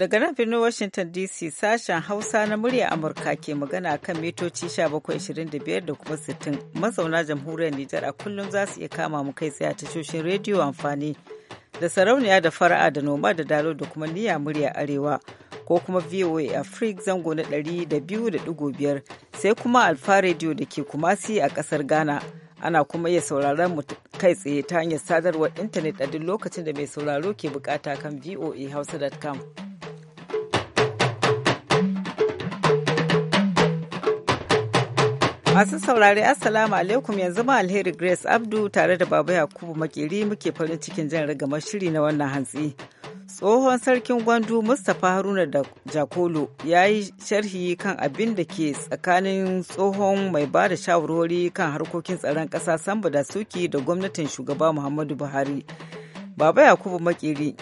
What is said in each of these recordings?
Daga nan birnin Washington DC sashen Hausa na murya Amurka ke magana kan mitoci 1725 da kuma 60. Mazauna jamhuriyar Nijar a kullum za su iya kama mu kai tsaye a tashoshin rediyo amfani da sarauniya da fara'a da noma da dalo da kuma niyya murya arewa ko kuma VOA afrik zango na 200.5 sai kuma Alfa rediyo da ke kumasi a kasar Ghana. Ana kuma iya sauraron mu kai tsaye ta hanyar sadarwar intanet a duk lokacin da mai sauraro ke bukata kan voa hausa.com. Masu saurare Assalamu alaikum yanzu ma alheri Grace Abdu tare da Baba Yakubu Makeri muke farin cikin jan rigamar shiri na wannan hantsi. Tsohon sarkin gwandu Mustapha Haruna da Jakolo ya yi sharhi kan abin da ke tsakanin tsohon mai ba da shawarwari kan harkokin tsaron ƙasa Sambo da Suki da gwamnatin shugaba Muhammadu Buhari. Baba Yakubu Makeri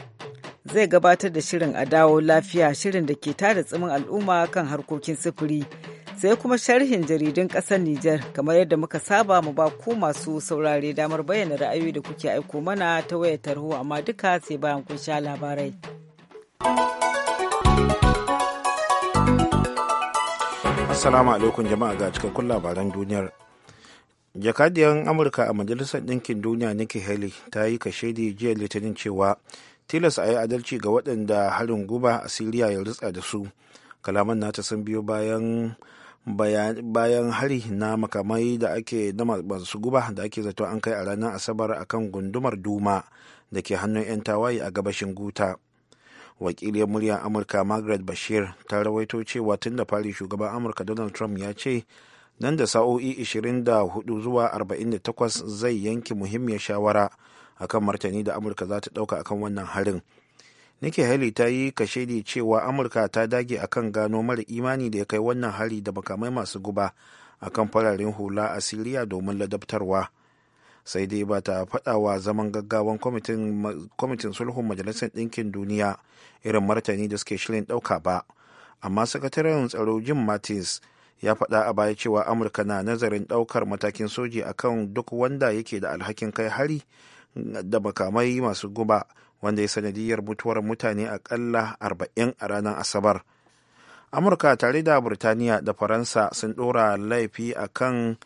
zai gabatar da shirin a dawo lafiya shirin da ke tada tsimin al'umma kan harkokin sufuri. sai kuma sharhin jaridun ƙasar Nijar kamar yadda muka saba mu ba ku masu saurare damar bayyana ra'ayoyi da kuke aiko mana ta wayar tarho amma duka sai bayan kun sha labarai. Assalamu alaikum jama'a ga cikakkun labaran duniyar. Jakadiyar Amurka a Majalisar Ɗinkin Duniya Nikki Haley ta yi kashe kashedi jiya Litinin cewa tilas a yi adalci ga waɗanda harin guba a Siriya ya rutsa da su. Kalaman nata sun biyo bayan bayan hari na makamai da ake da masu guba da ake zato an kai a ranar asabar akan gundumar duma da ke hannun 'yan tawaye a gabashin guta wakiliyar muryar amurka margaret bashir ta rawaito cewa tun da fari shugaban amurka donald trump ya ce nan da sa'o'i 24 zuwa 48 zai yanke muhimmiyar shawara akan martani da amurka za ta ɗauka akan wannan harin Nikki Haley ta yi kashedi cewa Amurka ta dage akan gano mara imani da ya kai wannan hari da makamai masu guba akan fararen hula a Siriya domin ladabtarwa. Sai dai ba ta faɗa wa zaman gaggawan kwamitin sulhun Majalisar Ɗinkin Duniya irin martani da suke shirin ɗauka ba. Amma sakataren tsaro Jim Mattis ya faɗa a baya cewa Amurka na nazarin ɗaukar matakin soji akan duk wanda yake da alhakin kai hari da makamai masu guba wanda ya sanadiyar mutuwar mutane akalla 40 a ranar asabar amurka tare da burtaniya da faransa sun ɗora laifi a kan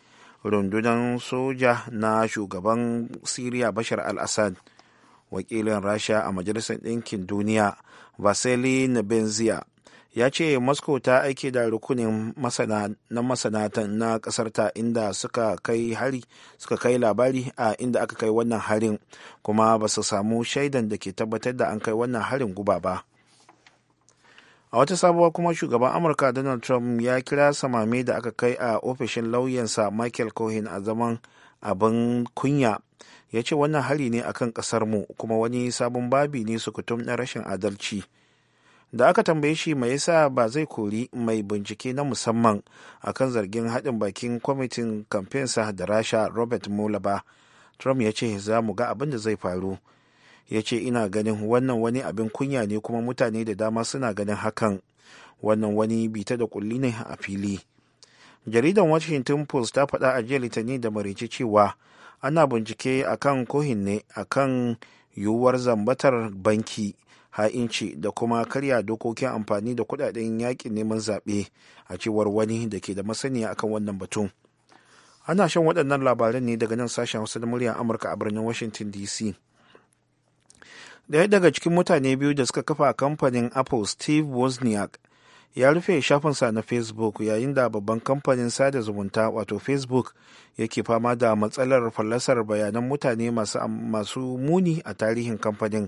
rundunar soja na shugaban siriya bashar al-assad wakilin rasha a majalisar ɗinkin duniya vasily benzia ya ce moscow ta aike da rukunin masana na masana na kasarta inda suka kai hari suka kai labari a inda aka kai wannan harin kuma ba su samu shaidan da ke tabbatar da an kai wannan harin guba ba a wata sabuwa kuma shugaban amurka donald trump ya kira samame da aka kai a ofishin lauyansa michael cohen a zaman abin kunya ya ce wannan hari ne akan kasar mu kuma wani sabon babi ne sukutum na rashin adalci. da aka tambaye shi mai yasa ba zai kori mai bincike na musamman akan zargin haɗin bakin kwamitin kamfensa da rasha robert mueller ba trump ya ce za mu ga abin da zai faru ya ce ina ganin wannan wani abin kunya ne kuma mutane da dama suna ganin hakan wannan wani bita da kulli ne a fili jaridan washington post ta faɗa a jiya litani da marici cewa ana bincike akan kohin ne akan yiwuwar zambatar banki ha'inci da kuma karya dokokin amfani da kudaden yakin neman zaɓe a cewar wani da ke da masaniya akan wannan batun ana shan waɗannan labaran ne daga nan sashen hausa da muryar amurka a birnin washington dc ɗaya daga cikin mutane biyu da suka kafa kamfanin apple steve wozniak ya rufe shafinsa na facebook yayin da babban kamfanin sada zumunta wato facebook yake fama da matsalar fallasar bayanan mutane masu, muni a tarihin kamfanin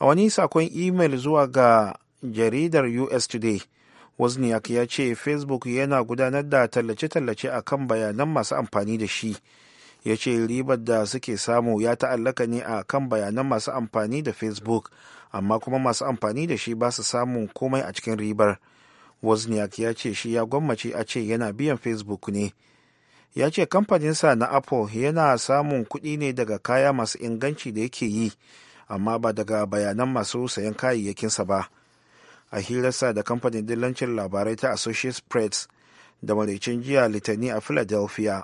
a wani sakon imel zuwa ga jaridar us today wozniak ya ce facebook yana gudanar da tallace-tallace a kan bayanan masu amfani da shi ya ce ribar da suke samu ya ta'allaka ne a kan bayanan masu amfani da facebook amma kuma masu amfani da shi ba su samun komai a cikin ribar wozniak ya ce shi ya gwammace a ce yana biyan facebook ne ya ce kamfaninsa na apple yana samun kuɗi ne daga kaya masu inganci da yake yi amma ba daga bayanan masu sayan kayayyakinsa ba a hirarsa da kamfanin dillancin labarai ta associates press da maraicin jiya litani a philadelphia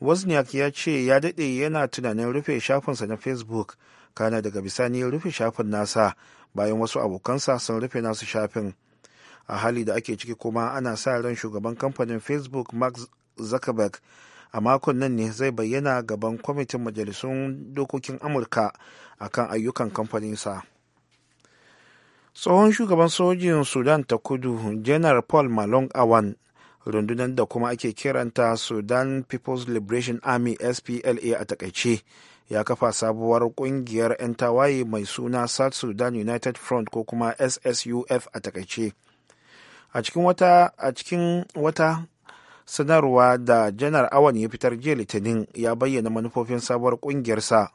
wozniak ya ce ya daɗe yana tunanin rufe shafinsa na facebook kana daga bisani ya rufe shafin nasa bayan wasu abokansa sun rufe nasu shafin a hali da ake ciki kuma ana sa ran shugaban kamfanin facebook mark zuckerberg a makon nan ne zai bayyana gaban kwamitin majalisun dokokin amurka a kan ayyukan kamfaninsa tsohon shugaban sojin sudan ta kudu janar paul malong awan rundunar da kuma ake kiranta sudan people's liberation army spla a takaice ya kafa sabuwar kungiyar 'yan tawaye mai suna south sudan united front ko kuma ssuf a takaice a cikin wata a cikin wata sanarwa da janar awan ya fitar jiya litinin ya bayyana manufofin sabuwar kungiyarsa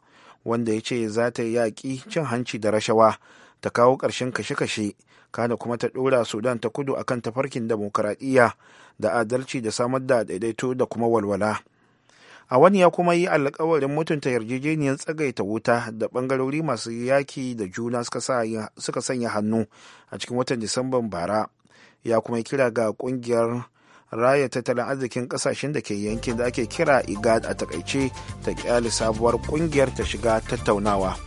wanda ya ce za ta yaƙi cin hanci da rashawa ta kawo ƙarshen kashe-kashe kana kuma ta ɗora sudan ta kudu akan tafarkin demokuraɗiyya da adalci da samar da daidaito da kuma walwala. a wani ya kuma yi alkawarin mutunta yarjejeniyar tsagaita wuta da bangarori masu yaki da juna suka sanya hannu a cikin watan disamban bara ya kuma kira ga kungiyar raya tattalin arzikin kasashen da ke yankin da ake kira igad a takaice ta kyale sabuwar kungiyar ta shiga tattaunawa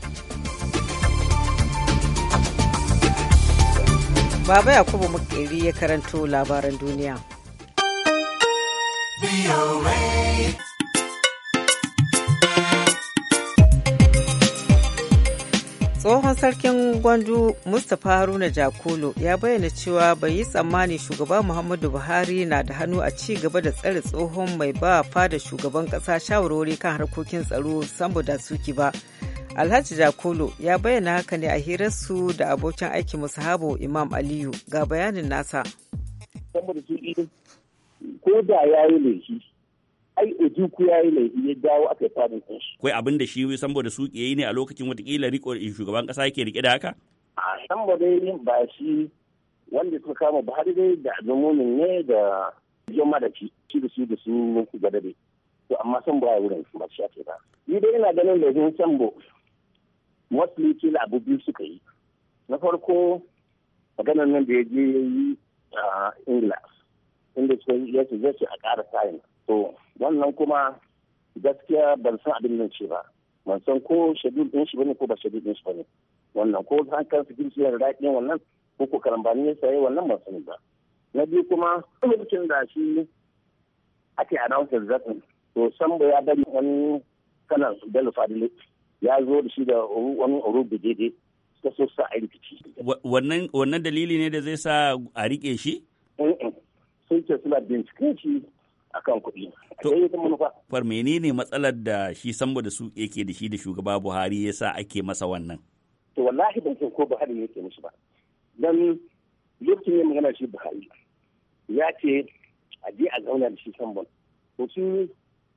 baba yakubu makeri ya karanto labaran duniya tsohon sarkin gwandu mustapha haruna jakolo ya bayyana cewa bai yi tsammani shugaba muhammadu buhari na da hannu a ci gaba da tsare tsohon mai ba fada shugaban kasa shawarwari kan harkokin tsaro saboda suki ba alhaji jakolo ya bayyana haka ne a hirarsu da abokin aikin musahabu imam aliyu ga bayanin nasa saboda ko da ya yi laifi ai Ojuku ya yi laifi ya dawo aka yi fadin shi. Kwai abin da shi saboda su yi ne a lokacin watakila riko shugaban kasa yake rike da haka? A saboda ba shi wanda suka kama Buhari dai da Abdulmumin ne da Juma da shi shi da su da su ku gada dai. To amma san ba wurin su ba shi ake ba. Ni dai ina ganin da sun san bo mostly kila abu biyu suka yi. Na farko maganar nan da ya je ya yi a Ingila. Inda ya ce zai a ƙara sa'in. to wannan kuma gaskiya ban san abin nan ce ba ban san ko shadul din shi bane ko ba shadul din shi bane wannan ko san kan su yana da daɗin wannan ko ko karambani ne saye wannan ban sani ba na biyu kuma lokacin da shi ake announce zaɓin to sambo ya bari wani kanan bello fadile ya zo da shi da wani oro da suka so sa a rikici. wannan dalili ne da zai sa a riƙe shi? Eh, eh. sun ce suna binciken shi akan kuɗi. To, far menene matsalar da shi sambo da su yake da shi da shugaba Buhari ya sa ake masa wannan? To, wallahi ban san ko Buhari ne yake musu ba. Dan lokacin ya magana shi Buhari ya ce a je a zauna da shi sambon. To, shi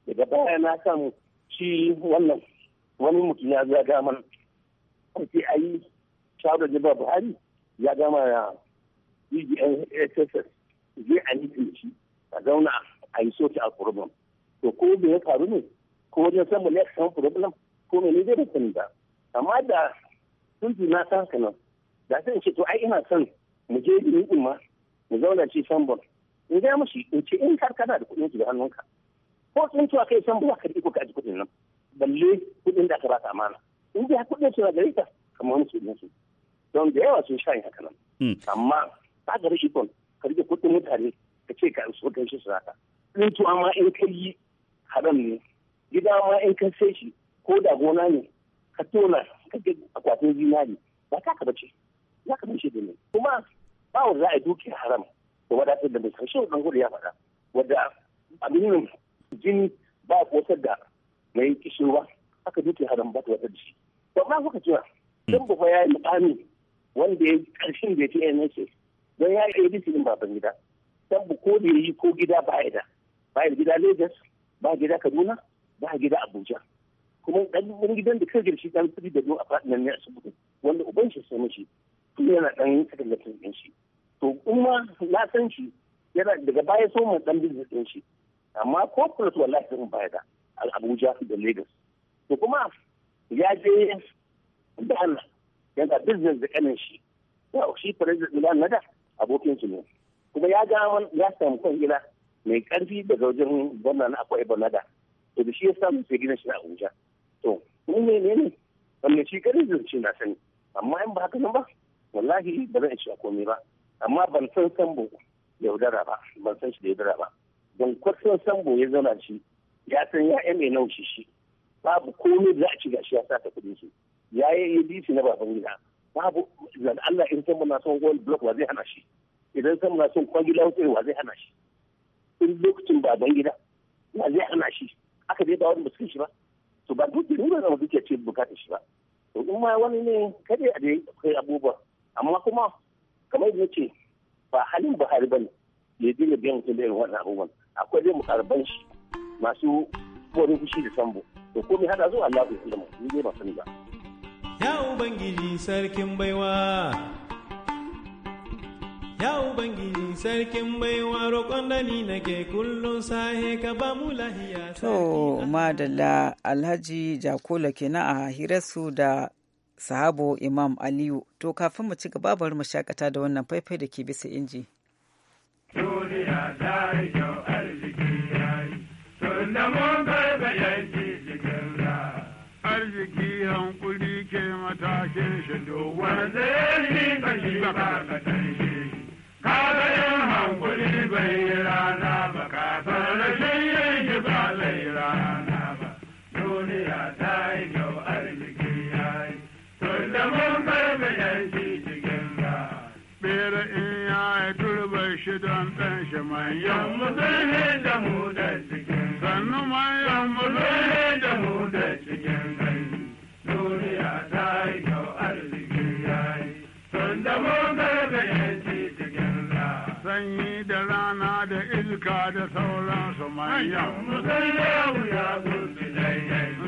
daga baya na samu shi wannan wani mutum ya zo ya gama kuke a yi shawarar jiba Buhari ya gama ya EGN SSS zai a nufin shi a zauna a yi soke a problem to ko me ya faru ne ko wajen samu ne a problem ko me ne zai da sani ba amma da sun na san haka nan da sai in ce to ai ina son mu je ni din ma mu zauna ci sambon in ga mushi in ce in har kana da kuɗin ki da hannunka ko sun tuwa kai sambon ba ka ji ko ka ji kuɗin nan balle kuɗin da aka ka amana in ga kuɗin su gari ka kamar wani kuɗin su don da yawa sun sha haka nan hmm. amma ka ga rashin ka rike kuɗin mutane ka ce ka so kai shi su tsintuwa ma in ka yi haram ne gida ma in ka sai shi ko da gona ne ka tona ka ga akwatin zinari ba ta ka bace ya ka bace da ne kuma ba wanda za a yi dukiyar haram da wadatar da mai karshe wa gudu ya faɗa wadda abin nan jini ba a kosar da mai kishirwa haka dukiyar haram ba ta wata da shi ba ma kuka cewa don hmm. ba ya yi mutane wanda ya karshen da ya ce NHS don ya yi ABC din baban gida sabu ko da ya yi ko gida ba ya da ba gida Lagos ba gida Kaduna ba gida Abuja kuma ɗan wani gidan da kai girshi ɗan kudi da a fadin ne a asibiti wanda uban shi sai mishi tun yana dan sakalatin din shi to kuma na shi yana daga baya so mu ɗan business din shi amma ko corporate wallahi sun baya da Abuja da Lagos to kuma ya je da Allah yana business da ƙanin shi Ya shi president Milan da abokin su ne kuma ya ga ya samu kan gida mai karfi daga wajen gwamna na akwai balada to da shi ya samu sai gina shi a abuja to mu ne wanda shi kare zan ce na sani amma in ba haka nan ba wallahi ba zan a komai ba amma ban san sambo yaudara ba ban san shi da yaudara ba don kwasan sambo ya zauna shi ya san ya mai naushi shi babu komai za a ci gashi ya sa ta kudin shi ya yi ya bi na baban gida babu zan Allah in san muna son gold block wa zai hana shi idan san na son kwangila wa zai hana shi in lokacin baban gida ya zai ana shi aka dai ba wani basu shi ba to ba duk ni ba zama duk ce bukatar shi ba to in ma wani ne kada a dai kai abubuwa amma kuma kamar yadda ce ba halin Buhari bane ya dinga biyan mutum da irin wannan abubuwan akwai dai mukarban shi masu wani fushi da sambo to komai hada zuwa Allah ya mu ni dai ba sani ba ya ubangiji sarkin baiwa Ya Ubangiji sarkin baiwa roƙon da ni nake kullum sahe ka ba mu lahiya. To, madalla Alhaji Jakola kenan a hirarsu da sahabo Imam Aliyu. To, kafin mu ci gaba bari mu shakata da wannan faifai da ke bisa inji. Duniya ta yi kyau arziki yayi, tun da mun karɓe yanki cikin ra. Arziki hankuli ke matashin shi, duk wanda ya shi kashi ba ka Maganin hankuli bai yi rana ba, kasar rashin yanki ba zai yi rana ba. Duniya ta yi kyau arziki ya yi, tun da mun karbi yanci cikin ga. Bera in ya yi turba shi don ɗan shi manyan. Musulmi da mu da cikin. Sannu manyan musulmi da mu da cikin. da sauran sauransu manya.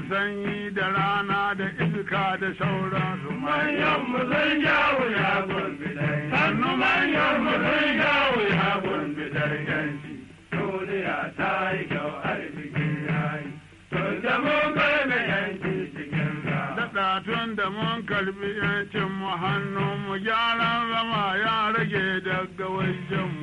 Sanyi da rana da iska da sauran sauransu manya. Sannu manyan mutum ya wuya gurbidan yanci. Duniya ta yi kyau arzikin yayi. Tun da mun bai mai yanci cikin ra. Daɗa tun da mun karbi yancin mu hannun mu gyaran zama ya rage daga wajen mu.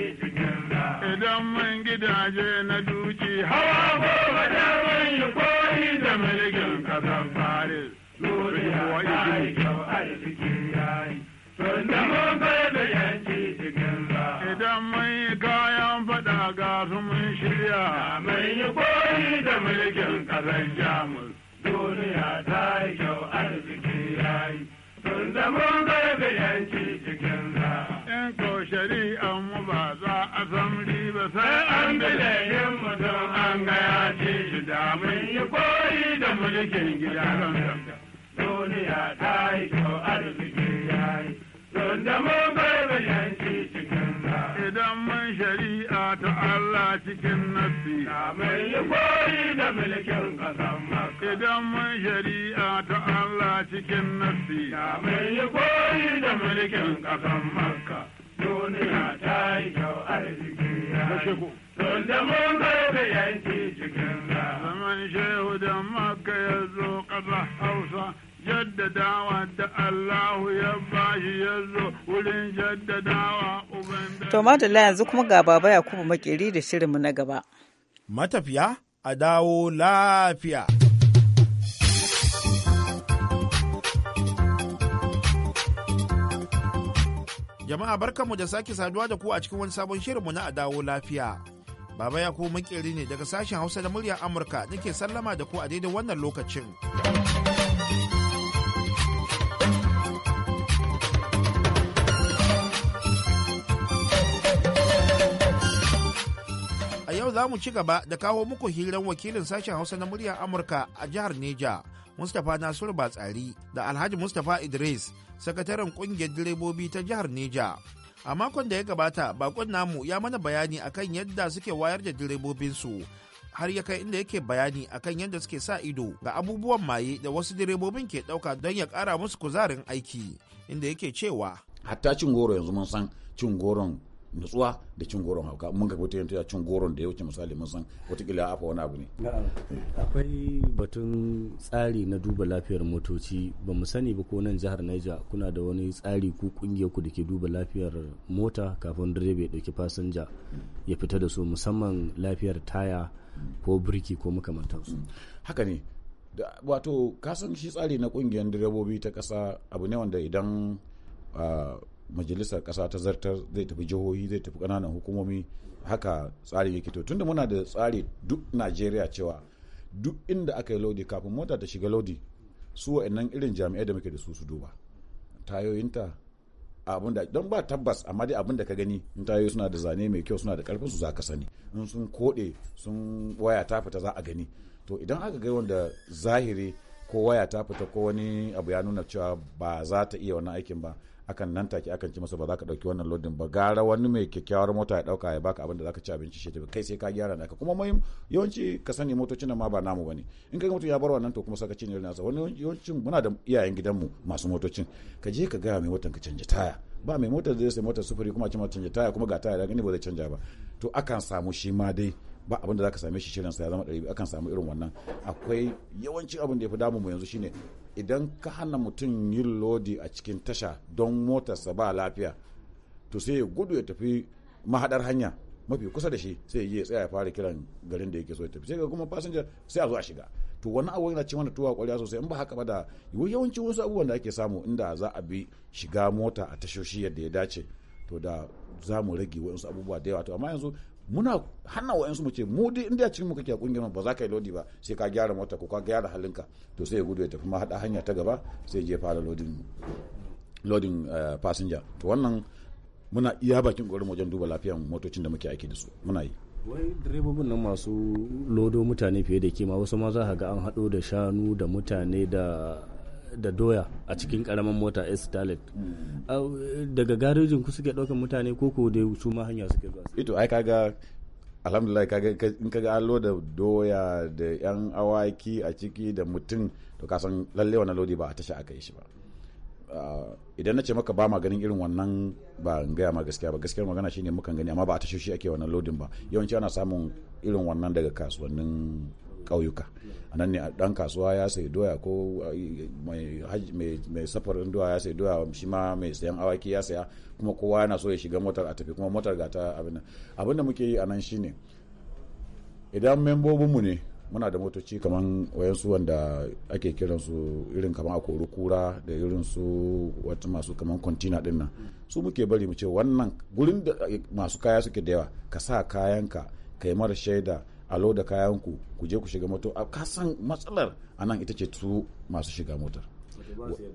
man gidaje na duki hawa ko ba da man yi koyi da mulkin kasar Paris. Duniya ta yi kyau arziki ya yi, tun da mun da yanci cikin za. Idan mun yi kayan faɗa ga su mun shirya. mai yi koyi da mulkin kasar Jamus. Duniya ta yi kyau arziki ya yi, tun da mun da yanci cikin za. In ko shari'an mu ba za a san su sai an bilayin mutum an gaya ce shi da mun yi koyi da mulkin gida duniya ta yi kyau arziki ya yi don da mun bai bayanci cikin idan mun shari'a ta Allah cikin nasi. da mun yi koyi da mulkin kasan maka idan mun shari'a ta Allah cikin nasi. da mun yi koyi da mulkin kasan maka duniya ta yi kyau arziki ya da mun karfe yanki cikin ra zaman shehu da maka ya zo ƙasa hausa jaddadawa da Allahu ya bashi ya zo wurin jaddadawa To madalla yanzu kuma ga baba Yakubu makeri da shirinmu na gaba. Matafiya a dawo lafiya. Jama'a barkanmu da sake saduwa da ku a cikin wani sabon shirinmu na Adawo Lafiya. Baba ya ku makeri ne daga sashen Hausa da muryar Amurka nake sallama da ku a daidai wannan lokacin. A yau za mu ci gaba da kawo muku hirar wakilin sashen Hausa na muryar Amurka a jihar Neja. mustapha nasiru batsari da alhaji mustapha idris sakataren kungiyar direbobi ta jihar neja a makon da ya gabata bakon namu ya mana bayani akan yadda suke wayar da direbobinsu har ya kai inda yake bayani akan yadda suke sa ido ga abubuwan maye da wasu direbobin ke ɗauka don ya kara musu kuzarin aiki inda yake cewa hatta cin goro yanzu mun san cin goron nutsuwa da cin goron hauka mun ga wata yanta cin goron da ya wuce misali mun san watakila afa wani abu ne akwai batun tsari na duba lafiyar motoci ba mu sani ba ko nan jihar Niger kuna da wani tsari ku kungiyar ku da ke duba lafiyar mota kafin direba ya dauki fasinja ya fita da su musamman lafiyar taya ko birki ko makamantansu haka ne wato kasan shi tsari na kungiyar direbobi ta kasa abu ne wanda idan ah, majalisar ƙasa ta zartar zai tafi jihohi zai tafi ƙananan hukumomi haka tsarin yake to tunda muna da tsari duk najeriya cewa duk inda aka yi lodi kafin mota ta shiga lodi su wa'annan irin jami'ai da muke da su su duba tayoyinta abin da don ba tabbas amma dai abin da ka gani in tayoyi suna da zane mai kyau suna da karfin su za sani in sun kode sun waya ta fita za a gani to idan aka ga wanda zahiri ko waya ta fita ko wani abu ya nuna cewa ba za ta iya wannan aikin ba akan nan take akan ci masa ba za ka dauki wannan lodin ba gara wani mai kyakkyawar mota ya dauka ya baka abin da zaka ci abinci shi kai sai ka gyara naka kuma mai yawanci ka sani motocin nan ma ba namu bane in kai mutum ya bar wannan to kuma saka cin irin nasa wani yawancin muna da iyayen gidanmu masu motocin ka je ka gaya mai motan ka canja taya ba mai motar da zai sai motar sufuri kuma cima canja taya kuma ga taya da gani ba zai canja ba to akan samu shi ma dai ba abin da zaka same shi shirin sa ya zama ɗari akan samu irin wannan akwai yawancin abin da ya fi damu mu yanzu shine idan ka hana mutum yin lodi a cikin tasha don motarsa ba lafiya to sai ya gudu ya tafi mahadar hanya mafi kusa da shi sai ya tsaya ya fara kiran garin da yake so ya tafi sai ga kuma fasinja sai a zo a shiga to wani abu yana cin wani tuwa kwarya sosai in ba haka ba da yawancin wasu abubuwan da ake samu inda za a bi shiga mota a tashoshi yadda ya dace to da za mu rage wasu abubuwa da yawa to amma yanzu muna hana wa mu ce mu dai inda cikin mu kake kungiyar ba za ka yi lodi ba sai ka gyara mota ko ka gyara halinka to sai ya gudu ya tafi ma hada hanya ta gaba sai je fara lodin lodin passenger eh, to wannan muna iya bakin kokarin wajen duba lafiyar motocin da muke aiki da su muna yi wai direbobin nan masu lodo mutane fiye da kima wasu ma za ga an haɗo da shanu da mutane da da doya a cikin karamin mota s talent hmm. daga garejin ku suke ɗaukan mutane ko ko dai su ma hanya suke zuwa ito ai kaga alhamdulillah kaga in kaga an loda doya da yan awaki a ciki da mutum to ka san lalle wannan lodi ba a tashi aka yi shi ba ah, idan na ce maka ba ma ganin irin wannan ba in gaya ma gaskiya ba gaskiyar magana shine mukan gani amma ba a tashi shi ake wannan lodin ba yawanci ana samun irin wannan daga kasuwannin ƙauyuka a nan ne ɗan kasuwa ya sai doya ko eh, mai safarin doya ya sai doya shi ma mai sayan awaki ya saya kuma kowa yana so ya shiga motar a tafi kuma motar ga ta abin abin da muke yi a nan ne idan membobinmu ne muna da motoci kaman wayansu wanda ake kiransu irin a akoro kura da irin su wata masu kamar kontina din nan su muke bari mu ce wannan gurin da eh, masu kaya suke da yawa ka sa kayanka ka mara shaida a loda kayan ku ku je ku shiga moto a kasan matsalar anan ita ce su masu shiga motar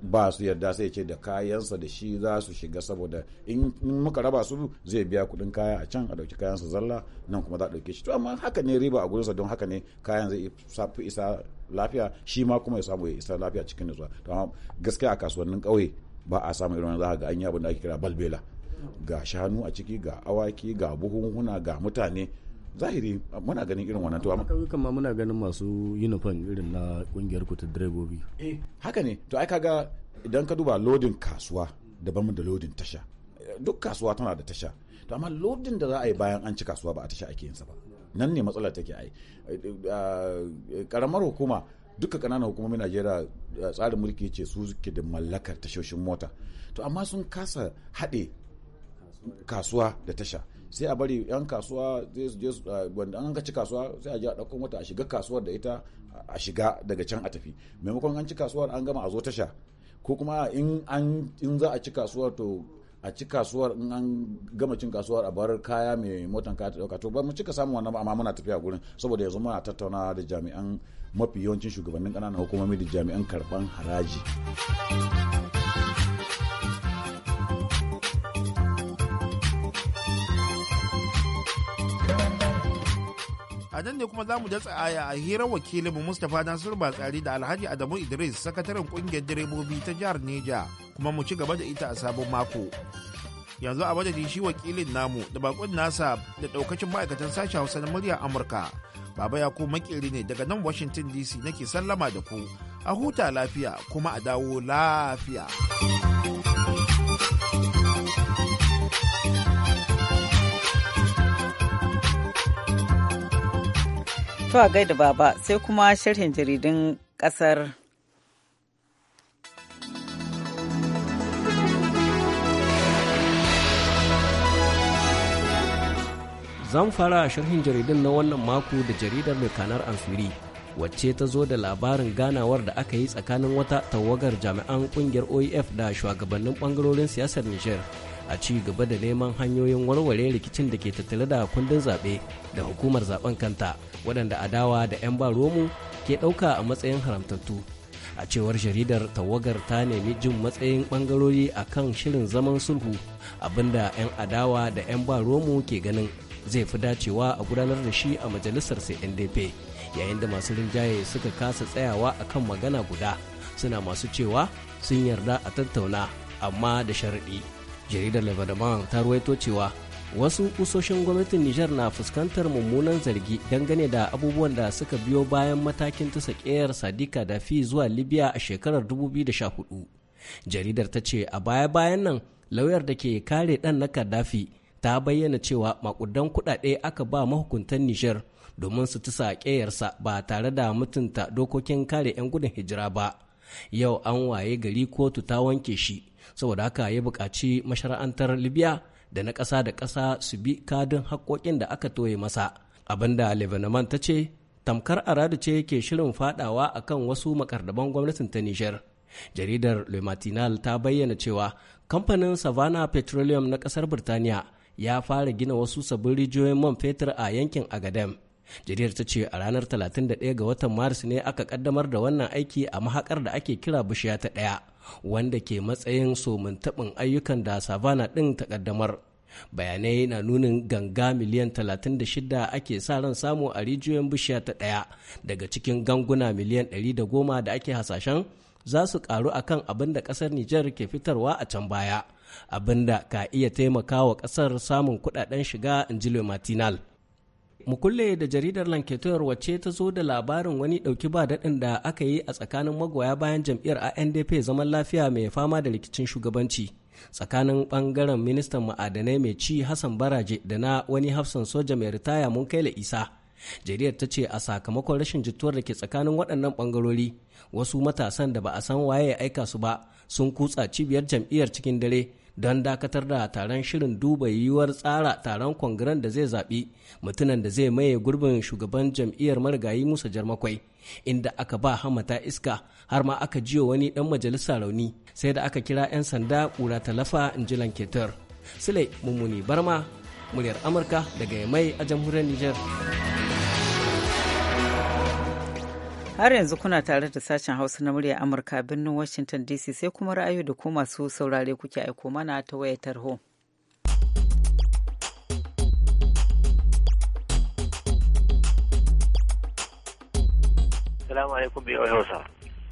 ba su yarda sai ce da kayansa da shi za su shiga saboda in muka raba su zai biya kudin kaya a can a dauki kayansa zalla nan kuma za a dauke shi to amma haka ne riba a gurinsa don haka ne kayan zai fi isa lafiya shi ma kuma ya samu ya isa lafiya cikin nutsuwa to amma gaskiya a kasuwannin kauye ba a samu irin za ga an yi abin da ake kira balbela ga shanu a ciki ga awaki ga buhunhuna ga mutane zahiri muna ganin irin wannan to amma muna ganin masu uniform irin na kungiyar ku ta direbobi eh haka ne to ai kaga idan ka duba lodin kasuwa daban da lodin tasha duk kasuwa tana da tasha to amma lodin da za a yi bayan an ci kasuwa ba a tasha ake yin sa ba nan ne matsalar take ai karamar eh, eh, hukuma duka kananan hukumomin najeriya eh, tsarin mulki ce su suke da mallakar tashoshin mota to amma sun kasa haɗe kasuwa da tasha sai a bari yan kasuwa zai su je su wanda an ci kasuwa sai a je a ɗauko mota a shiga kasuwar da ita a shiga daga can a tafi maimakon an ci kasuwar an gama a zo tasha ko kuma in an in za a ci kasuwar to a ci kasuwar in an gama cin kasuwar a bar kaya mai motan kaya ta dauka to ba mu cika samun wannan amma muna tafiya gurin saboda yanzu muna tattaunawa da jami'an mafi yawancin shugabannin ƙananan hukumomi da jami'an karban haraji nan ne kuma za mu datsa aya a hirar wakilinmu Mustapha Nasiru Batsari da Alhaji Adamu Idris sakataren kungiyar direbobi ta jihar Neja kuma mu ci gaba da ita a sabon mako. Yanzu a madadin shi wakilin namu da bakon nasa da daukacin ma'aikatan sashen Hausa na muryar Amurka. Baba ya makeri ne daga nan Washington DC nake sallama da ku. A huta lafiya kuma a dawo lafiya. To a gaida baba sai kuma sharhin jaridun kasar. zan fara sharhin jaridun na wannan mako da jaridar kanar amfiri wacce ta zo da labarin ganawar da aka yi tsakanin wata tawagar jami'an kungiyar oef da shugabannin bangarorin siyasar niger a ci gaba da neman hanyoyin warware rikicin da ke tattale da kundin zaɓe da hukumar zaben kanta waɗanda adawa da 'yan ba romu ke ɗauka a matsayin haramtattu a cewar jaridar tawagar ta nemi jin matsayin ɓangarori a kan shirin zaman sulhu abinda 'yan adawa da 'yan ba romu ke ganin zai fi dacewa a gudanar da shi a majalisar cndp yayin da masu rinjaye suka kasa tsayawa akan magana guda suna masu cewa sun yarda a tattauna amma da sharaɗi jaridar lebanon ta ruwaito cewa wasu kusoshin gwamnatin nijar na fuskantar mummunan zargi dangane da abubuwan da suka biyo bayan matakin tusa sakeyar sadika da fi zuwa libya a shekarar 2014 jaridar ta ce a baya-bayan nan lauyar da ke kare dan na kaddafi ta bayyana cewa makudan kudade aka ba mahukuntan nijar domin su tusa ƙeyarsa ba tare da mutunta dokokin kare 'yan gudun hijira ba yau an waye gari kotu ta wanke shi saboda haka ya bukaci mashara'antar libya da na ƙasa da ƙasa su bi kadin haƙƙoƙin da aka toye masa abinda lebanon ta ce tamkar aradu ce ke shirin fadawa akan wasu makardaban gwamnatin ta nijar jaridar le matinal ta bayyana cewa kamfanin savannah petroleum na ƙasar birtaniya ya fara gina wasu sabbin rijiyoyin man fetur a yankin agadem jaridar ta ce a ranar 31 ga watan maris ne aka kaddamar da wannan aiki a mahakar da ake kira bishiya ta ɗaya wanda ke matsayin somintaɓin ayyukan da savana ɗin takaddamar bayanai na nunin ganga miliyan 36 ake sa ran samu a rijiyoyin bishiya ta ɗaya daga cikin ganguna miliyan 110 da ake hasashen za su karu a kan abin da ƙasar Nijar ke fitarwa a can baya abin da ka iya taimakawa ƙasar samun kuɗaɗen shiga in matinal. matinal mu kulle da jaridar lanketoyar wacce ta zo da labarin wani ɗauki ba daɗin da aka yi a tsakanin magoya bayan jam'iyyar ndp zaman lafiya mai fama da rikicin shugabanci. tsakanin bangaren ministan ma'adanai mai ci hassan baraje da na wani hafsan soja mai ritaya mun kai la isa Jaridar ta ce a sakamakon rashin jituwar da ke tsakanin waɗannan bangarori wasu matasan da ba a san waye ya aika su ba sun kutsa cibiyar jam'iyyar cikin dare don dakatar da taron shirin duba yiwuwar tsara taron kwangaren da zai zaɓi mutunan da zai maye gurbin shugaban jam'iyyar marigayi musa jarmakwai inda aka ba hamata iska har ma aka jiyo wani ɗan majalisa rauni sai da aka kira 'yan sanda ƙura talafa in ji lanketar sule mummuni barma muryar amurka daga mai a jamhuriyar niger Har yanzu kuna tare da sashen Hausa na murya Amurka birnin Washington DC sai kuma ra'ayi da ku masu saurare kuke aiko mana ta wayar tarho. Salamu alaikum bai wai Hausa.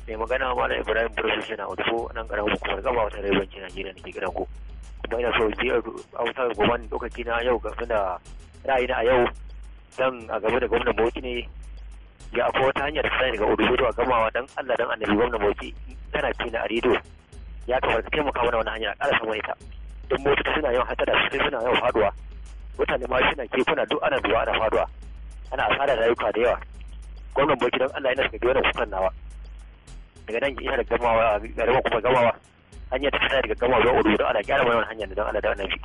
Mai magana Malam Ibrahim Bursu suna Udufo nan karamin hukumar gaba wata rai banki Najeriya da ke gidan ku. Kuma ina so biyar wata gobe lokaci na yau ga suna ra'ayi na a yau dan a game da gwamnan Bauchi ne ga akwai wata hanyar sai daga udubi zuwa gamawa dan Allah dan annabi gwamnati bauchi tana tina a rediyo ya da taimaka mana wani hanya a ƙara samun ita don motoci suna yawan da sosai suna yawan faduwa mutane ma suna kuna duk ana duwa ana faduwa ana asara rayuka da yawa gwamnan bauchi don Allah yana shiga ga wannan kukan nawa daga nan ina da gamawa garin kuma gamawa hanyar ta daga gamawa zuwa udubi don ana gyara mana wani hanya don Allah da annabi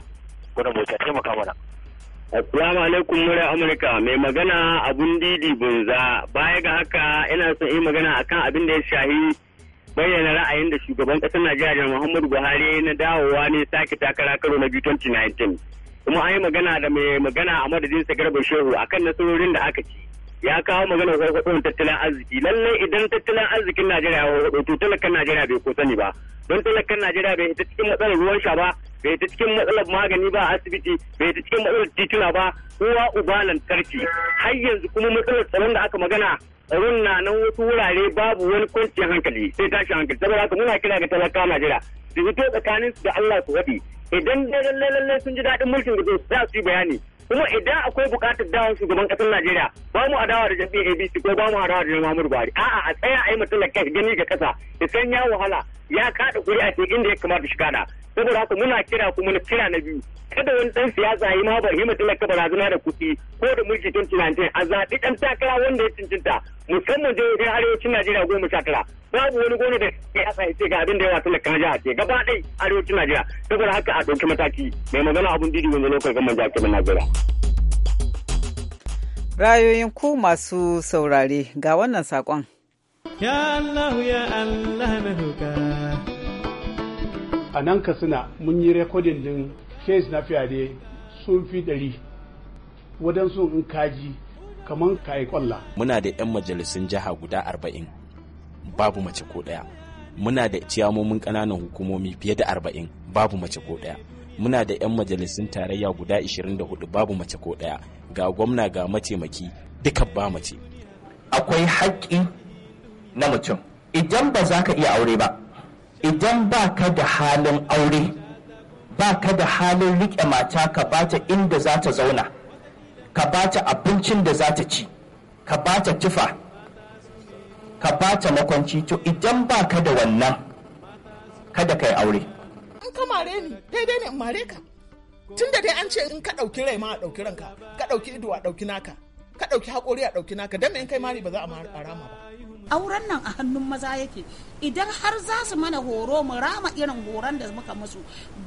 gwamnan bauchi taimaka mana Assalamu alaikum murar Amurka mai magana abun didi bunza baya ga haka yana son yi magana akan abin da ya shahi bayyana ra'ayin da shugaban ƙasar Najeriya Muhammadu Buhari na dawowa ne sake takara karo na 2019 kuma an yi magana da mai magana a madadin sa garba shehu akan nasarorin da aka ci ya kawo magana farfaɗon tattalin arziki lallai idan tattalin arzikin Najeriya ya to talakan Najeriya bai ko sani ba don talakan Najeriya bai ita cikin matsalar ruwan sha ba bai ta cikin matsalar magani ba a asibiti bai ta cikin matsalar tituna ba kowa uba lantarki har yanzu kuma matsalar tsaron da aka magana tsaron na nan wasu wurare babu wani kwanciyar hankali sai tashi hankali saboda haka muna kira ga a Najeriya su fito tsakanin su da Allah su haɗi idan lalle lalle sun ji daɗin mulkin gudu za su yi bayani kuma idan akwai buƙatar dawon shugaban ƙasar Najeriya ba mu adawa da jam'iyyar ABC ko ba mu adawa da Muhammadu Buhari a'a a tsaya a yi mutum gani ga ƙasa ya san ya wahala ya kaɗa a ce inda ya kamata shi kaɗa saboda haka muna kira ku mun kira na biyu kada wani dan siyasa yi ma bar talaka barazana da kuɗi ko da mulki tun tunanin a zaɓi ɗan takara wanda ya cincinta musamman da arewacin Najeriya goma sha tara babu wani gona da siyasa ya ce ga abin da yawa talaka na jiha ce gaba ɗai arewacin Najeriya saboda haka a ɗauki mataki mai magana abun didi wanda lokacin gaman jihar Kebbi Najeriya. Rayoyin ku masu saurare ga wannan saƙon. Ya Allah ya Allah na hukara. a nan ka suna mun yi rekodin din case na fiyade sun fi ɗari wadansu in kaji kamar yi kwalla muna da 'yan majalisun jiha guda arba'in babu mace ko ɗaya muna da ciyamomin ƙananan hukumomi fiye da arba'in babu mace ko ɗaya muna da 'yan majalisun tarayya guda 24 babu mace ko ɗaya ga gwamna ga mataimaki duka ba mace akwai haƙƙi na mutum idan ba za ka iya aure ba idan ba ka da halin aure ba ka da halin riƙe mata ka bata inda za ta zauna ka bata abincin da za ta ci ka bata tufa ka bata makwanci to idan ba ka da wannan kada ka yi aure in ka mare ni daidai ne in mare ka tun da dai an ce in ka ɗauki rai ma a ɗauki ranka ka ɗauki ido a ɗauki naka ka ɗauki haƙori a ɗauki naka don in kai mari ba za a rama ba auren nan a hannun maza yake idan har za su mana horo mu rama irin horon da muka musu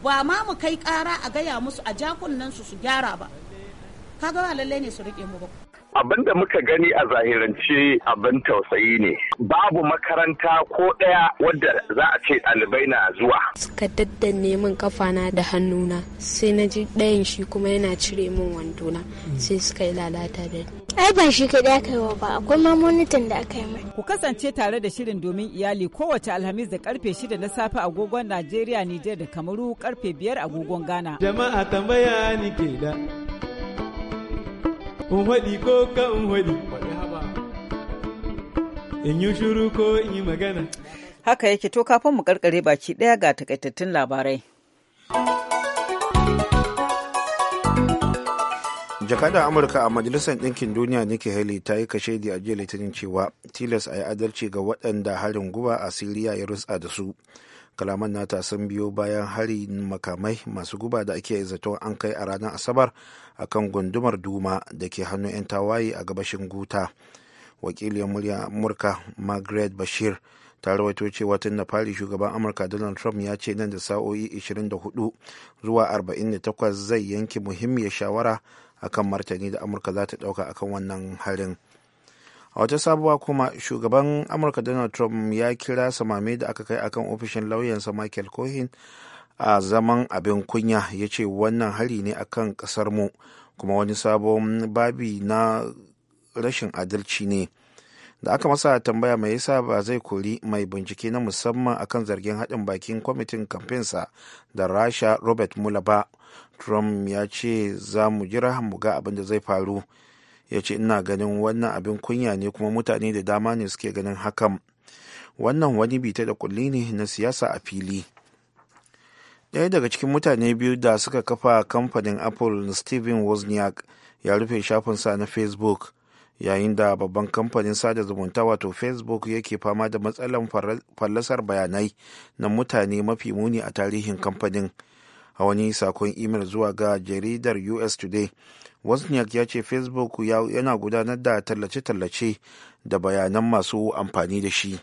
ba ma mu kai kara a gaya musu a jakunan su su gyara ba kaga ba lallai ne su rike mu ba abin da muka gani a zahirance abin tausayi ne babu makaranta ko ɗaya wadda za a ce ɗalibai na zuwa suka daddanne min kafana da hannuna sai na ji ɗayan shi kuma yana cire min wandona sai suka yi lalata da ni ai ba shi kaɗai aka yi wa ba akwai mamonitan da aka yi mai ku kasance tare da shirin domin iyali kowace alhamis da karfe shida na safe agogon najeriya nijar da kamaru karfe biyar agogon ghana jama'a tambaya ni ke da in waɗi ko kan in in yi shuru ko in yi magana haka yake to kafin mu karkare baki ɗaya ga takaitattun labarai jakada amurka a majalisar ɗinkin duniya nikki haley ta yi kashe a jiya litinin cewa tilas a yi adalci ga waɗanda harin guba a siriya ya rutsa da su kalaman nata sun biyo bayan hari makamai masu guba da ake zaton an kai a ranar asabar a kan gundumar duma da ke hannun 'yan tawaye a gabashin guta wakiliyar murya amurka margaret bashir ta rawaito cewa tun da fari shugaban amurka donald trump ya ce nan da sa'o'i 24 zuwa 48 zai yanke muhimmiyar shawara akan martani da amurka za ta dauka akan wannan harin. a wata sabuwa kuma shugaban amurka donald trump ya kira samame da aka kai akan ofishin lauyansa michael cohen a zaman abin kunya ya ce wannan hari ne akan kasar mu kuma wani sabon babi na rashin adalci ne da aka masa tambaya mai yasa ba zai kori mai bincike na musamman akan zargin haɗin bakin kwamitin kamfensa da rasha robert mula ba trump ya ce za mu jira mu ga abin da zai faru ya ce ina ganin wannan abin kunya ne kuma mutane da dama ne suke ganin hakan wannan wani bita da kulli ne na siyasa a fili ɗaya daga cikin mutane biyu da suka kafa kamfanin apple na steven wozniak ya rufe shafinsa na facebook yayin da babban kamfanin sada zumunta wato facebook yake fama da matsalan fallasar bayanai na mutane mafi muni a tarihin kamfanin a wani sakon imel zuwa ga jaridar us today Wozniak ya ce Facebook yana gudanar da tallace-tallace da bayanan masu amfani da shi.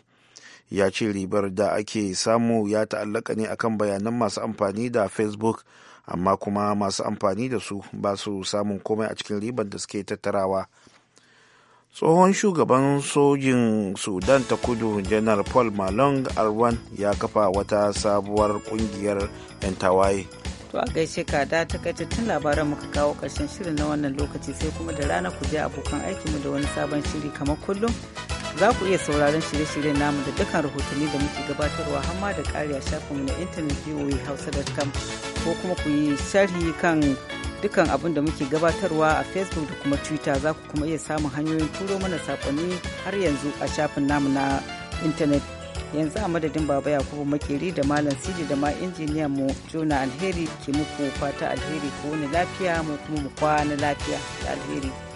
Ya ce ribar da ake samu ya ta'allaka ne akan bayanan masu amfani da Facebook, amma kuma masu amfani da su ba su samun komai a cikin ribar da suke tattarawa. tsohon shugaban sojin sudan ta kudu janar paul malong arwan ya kafa wata sabuwar kungiyar 'yan To a gaishe ka da tun labaran muka kawo karshen shirin na wannan lokaci sai kuma da rana ku je abokan aikinmu da wani sabon shiri kamar kullum. Za ku iya sauraron shirye-shiryen namu da dukkan rahotanni da muke gabatarwa hamma da ƙari a shafinmu na intanet Hausa da kam ko kuma ku yi sharhi kan dukkan abin da muke gabatarwa a facebook da kuma twitter za ku kuma iya samun hanyoyin turo mana sakonni har yanzu a shafin namu na intanet yanzu a madadin baba yakubu makeri da malam sidi da ma injiniya mu jona alheri ke muku fata alheri ko wani lafiya mu kuma mu kwana lafiya da alheri